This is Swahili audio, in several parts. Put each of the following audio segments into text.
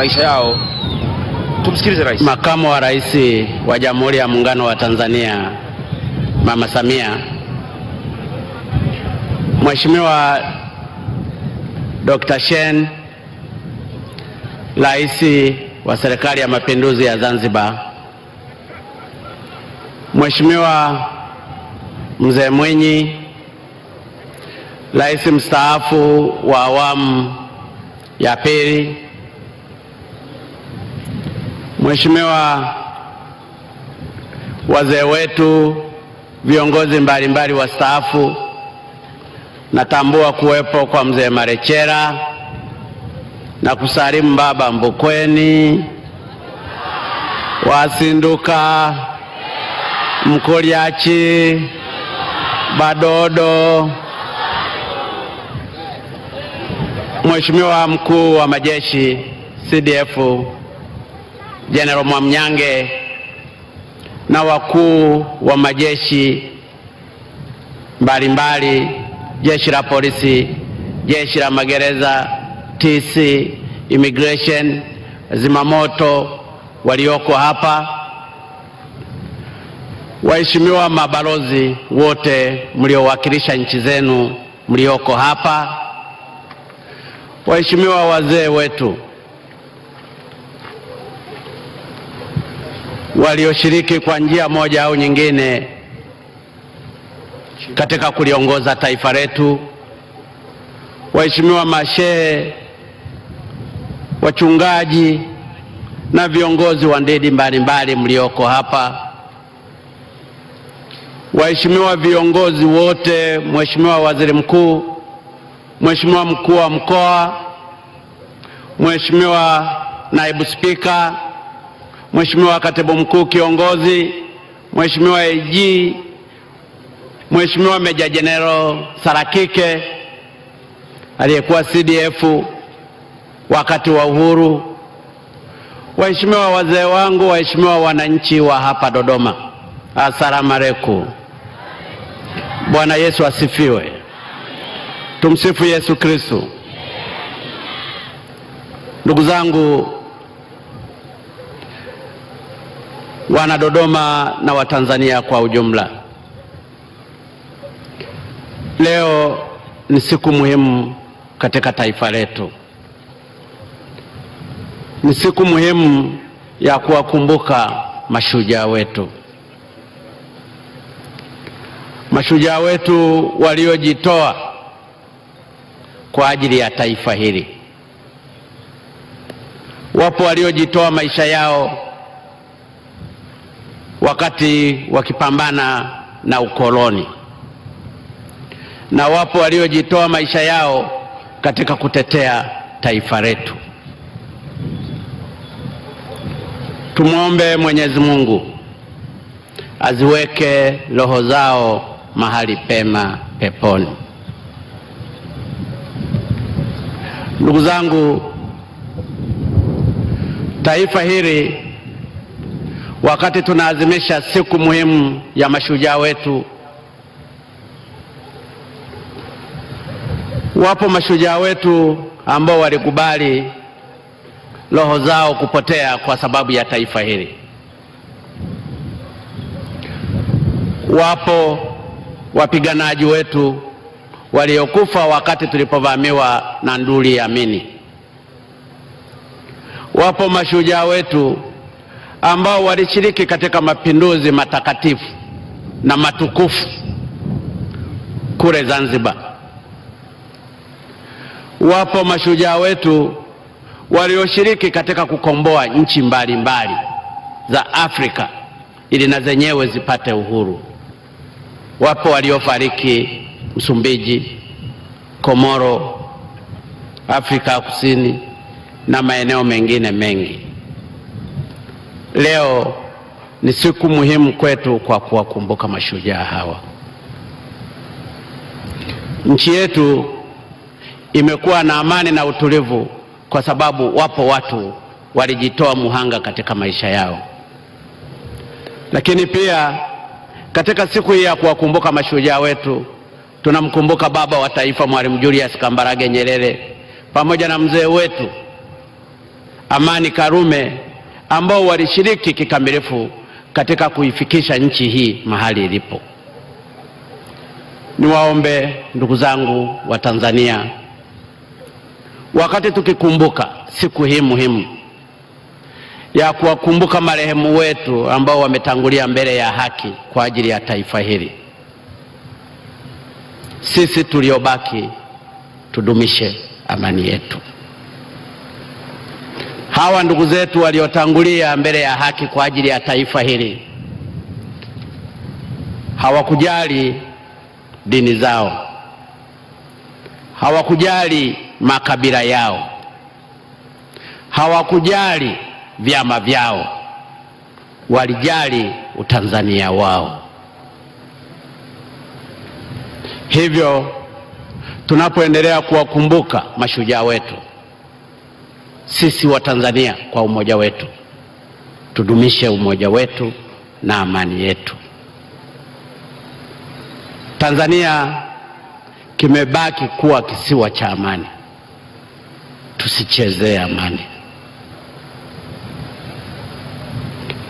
maisha yao. Tumsikilize rais. Makamu wa Rais wa Jamhuri ya Muungano wa Tanzania Mama Samia, Mheshimiwa Dr. Shen, Rais wa Serikali ya Mapinduzi ya Zanzibar, Mheshimiwa Mzee Mwinyi, Rais mstaafu wa awamu ya pili, Mheshimiwa, wazee wetu, viongozi mbalimbali wastaafu, natambua kuwepo kwa mzee Marechera na kusalimu baba Mbukweni, Wasinduka, Mkoliachi, Badodo Mheshimiwa mkuu wa majeshi CDF General Mwamnyange na wakuu wa majeshi mbalimbali, jeshi la polisi, jeshi la magereza, TC, immigration, zimamoto walioko hapa, waheshimiwa mabalozi wote mliowakilisha nchi zenu mlioko hapa waheshimiwa wazee wetu walioshiriki kwa njia moja au nyingine katika kuliongoza taifa letu, waheshimiwa mashehe, wachungaji na viongozi wa ndini mbalimbali mlioko hapa, waheshimiwa viongozi wote, mheshimiwa waziri mkuu Mheshimiwa mkuu wa mkoa, Mheshimiwa naibu spika, Mheshimiwa katibu mkuu kiongozi, Mheshimiwa AG, Mheshimiwa Meja Jenerali Sarakike aliyekuwa CDF wakati wa uhuru, waheshimiwa wazee wangu, waheshimiwa wananchi wa hapa Dodoma, asalamu alaykum. Bwana Yesu asifiwe. Tumsifu Yesu Kristo. Ndugu zangu wana Dodoma na Watanzania kwa ujumla, leo ni siku muhimu katika taifa letu. Ni siku muhimu ya kuwakumbuka mashujaa wetu, mashujaa wetu waliojitoa kwa ajili ya taifa hili. Wapo waliojitoa maisha yao wakati wakipambana na ukoloni na wapo waliojitoa maisha yao katika kutetea taifa letu. Tumwombe Mwenyezi Mungu aziweke roho zao mahali pema peponi. Ndugu zangu, taifa hili wakati tunaadhimisha siku muhimu ya mashujaa wetu, wapo mashujaa wetu ambao walikubali roho zao kupotea kwa sababu ya taifa hili. Wapo wapiganaji wetu waliokufa wakati tulipovamiwa na nduli Amini. Wapo mashujaa wetu ambao walishiriki katika mapinduzi matakatifu na matukufu kule Zanzibar. Wapo mashujaa wetu walioshiriki katika kukomboa nchi mbalimbali mbali za Afrika ili na zenyewe zipate uhuru. Wapo waliofariki Msumbiji, Komoro, Afrika ya Kusini na maeneo mengine mengi. Leo ni siku muhimu kwetu kwa kuwakumbuka mashujaa hawa. Nchi yetu imekuwa na amani na utulivu kwa sababu wapo watu walijitoa muhanga katika maisha yao. Lakini pia katika siku hii ya kuwakumbuka mashujaa wetu Tunamkumbuka baba wa taifa Mwalimu Julius Kambarage Nyerere pamoja na mzee wetu Amani Karume ambao walishiriki kikamilifu katika kuifikisha nchi hii mahali ilipo. Niwaombe ndugu zangu wa Tanzania, wakati tukikumbuka siku hii muhimu ya kuwakumbuka marehemu wetu ambao wametangulia mbele ya haki kwa ajili ya taifa hili sisi tuliobaki tudumishe amani yetu. Hawa ndugu zetu waliotangulia mbele ya haki kwa ajili ya taifa hili hawakujali dini zao, hawakujali makabila yao, hawakujali vyama vyao, walijali Utanzania wao. Hivyo tunapoendelea kuwakumbuka mashujaa wetu, sisi wa Tanzania kwa umoja wetu, tudumishe umoja wetu na amani yetu. Tanzania kimebaki kuwa kisiwa cha amani, tusichezee amani.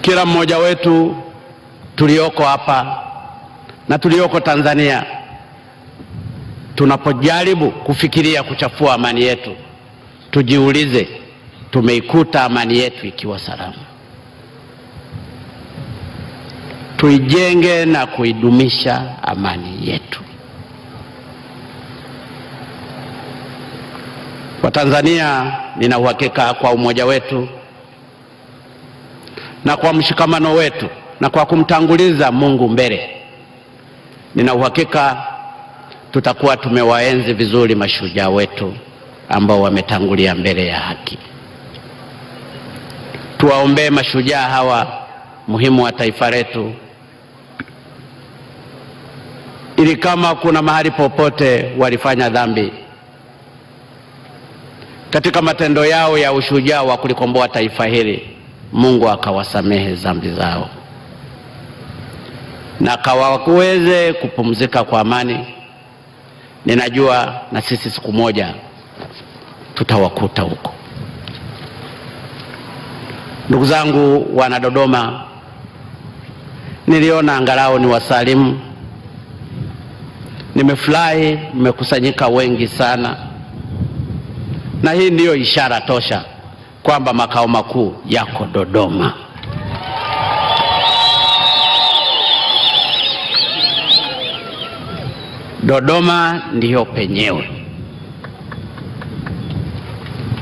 Kila mmoja wetu tulioko hapa na tulioko Tanzania Tunapojaribu kufikiria kuchafua amani yetu, tujiulize tumeikuta amani yetu ikiwa salama. Tuijenge na kuidumisha amani yetu. Watanzania, nina uhakika kwa umoja wetu na kwa mshikamano wetu na kwa kumtanguliza Mungu mbele, nina uhakika tutakuwa tumewaenzi vizuri mashujaa wetu ambao wametangulia mbele ya haki. Tuwaombee mashujaa hawa muhimu wa taifa letu, ili kama kuna mahali popote walifanya dhambi katika matendo yao ya ushujaa wa kulikomboa taifa hili, Mungu akawasamehe dhambi zao na kawaweze kupumzika kwa amani Ninajua na sisi siku moja tutawakuta huko. Ndugu zangu wana Dodoma, niliona angalau ni wasalimu. Nimefurahi mmekusanyika wengi sana, na hii ndiyo ishara tosha kwamba makao makuu yako Dodoma. Dodoma ndiyo penyewe.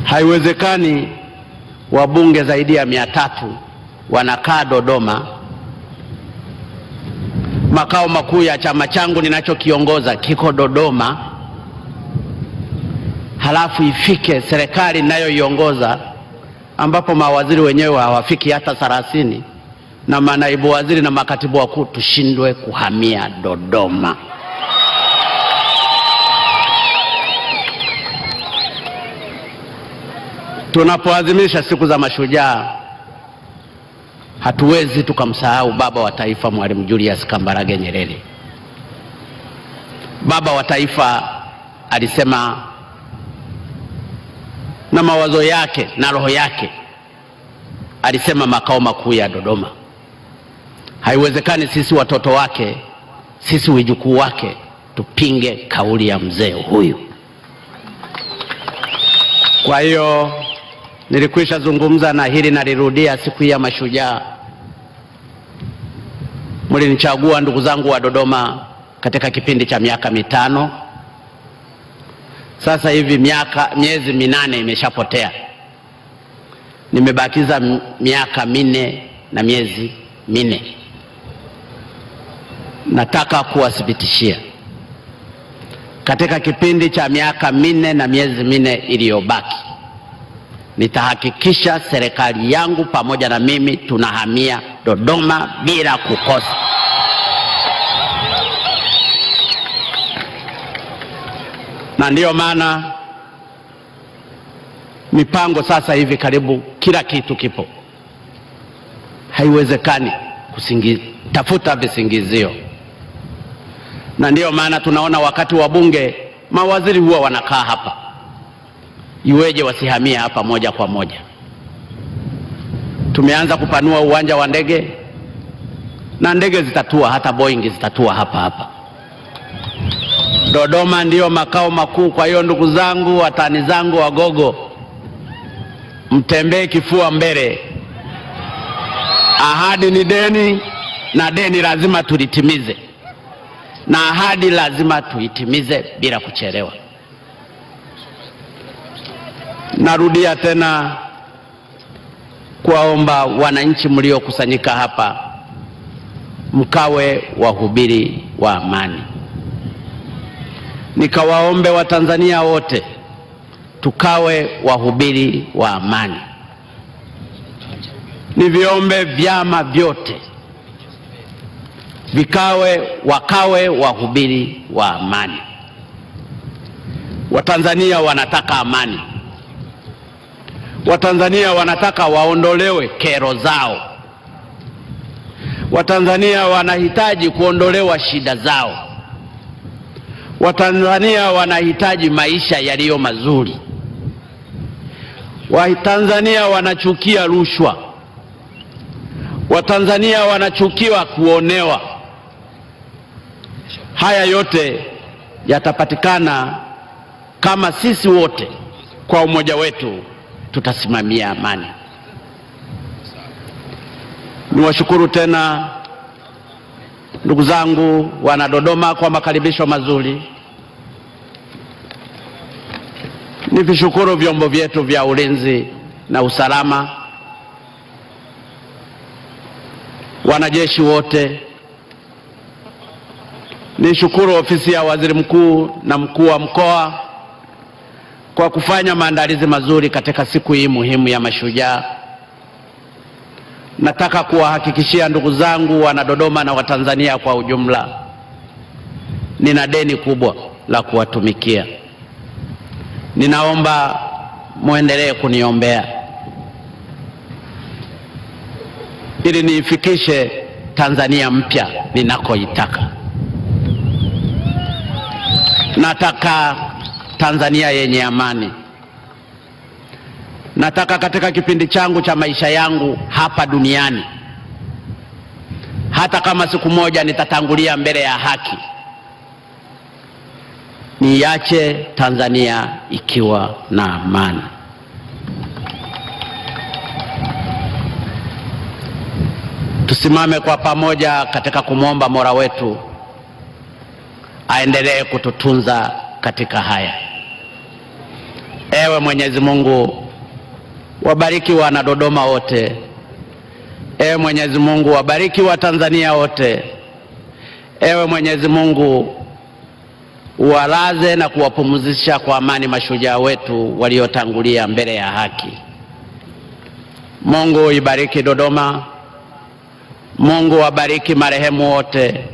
Haiwezekani wabunge zaidi ya mia tatu wanakaa Dodoma, makao makuu ya chama changu ninachokiongoza kiko Dodoma, halafu ifike serikali ninayoiongoza ambapo mawaziri wenyewe hawafiki hata thelathini na manaibu waziri na makatibu wakuu, tushindwe kuhamia Dodoma. Tunapoadhimisha siku za mashujaa, hatuwezi tukamsahau baba wa taifa Mwalimu Julius Kambarage Nyerere. Baba wa taifa alisema na mawazo yake na roho yake, alisema makao makuu ya Dodoma. Haiwezekani sisi watoto wake, sisi wijukuu wake, tupinge kauli ya mzee huyu. Kwa hiyo Nilikwisha zungumza na hili nalirudia siku ya mashujaa. Mlinichagua ndugu zangu wa Dodoma katika kipindi cha miaka mitano. Sasa hivi miaka miezi minane imeshapotea, nimebakiza miaka minne na miezi minne. Nataka kuwathibitishia katika kipindi cha miaka minne na miezi minne iliyobaki nitahakikisha serikali yangu pamoja na mimi tunahamia Dodoma bila kukosa. Na ndiyo maana mipango sasa hivi karibu kila kitu kipo. Haiwezekani kusingi, tafuta visingizio. Na ndiyo maana tunaona wakati wa bunge mawaziri huwa wanakaa hapa iweje wasihamia hapa moja kwa moja? Tumeanza kupanua uwanja wa ndege na ndege zitatua, hata Boeing zitatua hapa hapa. Dodoma ndiyo makao makuu. Kwa hiyo ndugu zangu, watani zangu, Wagogo, mtembee kifua mbele. Ahadi ni deni na deni lazima tulitimize, na ahadi lazima tuitimize bila kuchelewa. Narudia tena kuwaomba wananchi mliokusanyika hapa mkawe wahubiri wa amani. Nikawaombe Watanzania wote tukawe wahubiri wa amani. Niviombe vyama vyote vikawe wakawe wahubiri wa amani. Watanzania wanataka amani. Watanzania wanataka waondolewe kero zao. Watanzania wanahitaji kuondolewa shida zao. Watanzania wanahitaji maisha yaliyo mazuri. Watanzania wanachukia rushwa. Watanzania wanachukiwa kuonewa. Haya yote yatapatikana kama sisi wote kwa umoja wetu tutasimamia amani. Niwashukuru tena ndugu zangu wana Dodoma kwa makaribisho mazuri. Nivishukuru vyombo vyetu vya ulinzi na usalama, wanajeshi wote. Nishukuru ofisi ya waziri mkuu na mkuu wa mkoa kwa kufanya maandalizi mazuri katika siku hii muhimu ya mashujaa. Nataka kuwahakikishia ndugu zangu wana Dodoma na Watanzania kwa ujumla, nina deni kubwa la kuwatumikia. Ninaomba mwendelee kuniombea ili niifikishe Tanzania mpya ninakoitaka. Nataka Tanzania yenye amani. Nataka katika kipindi changu cha maisha yangu hapa duniani, hata kama siku moja nitatangulia mbele ya haki, niache Tanzania ikiwa na amani. Tusimame kwa pamoja katika kumwomba Mola wetu aendelee kututunza katika haya. Ewe Mwenyezi Mungu, wabariki wana Dodoma wote. Ewe Mwenyezi Mungu, wabariki Watanzania wote. Ewe Mwenyezi Mungu, walaze na kuwapumzisha kwa amani mashujaa wetu waliotangulia mbele ya haki. Mungu ibariki Dodoma. Mungu wabariki marehemu wote.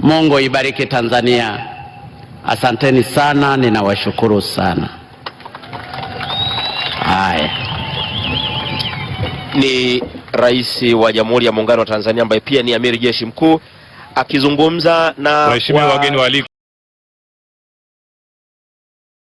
Mungu ibariki Tanzania. Asanteni sana, ninawashukuru sana. Haya, ni Rais wa Jamhuri ya Muungano wa Tanzania ambaye pia ni amiri jeshi mkuu akizungumza na wa... wageni waalikwa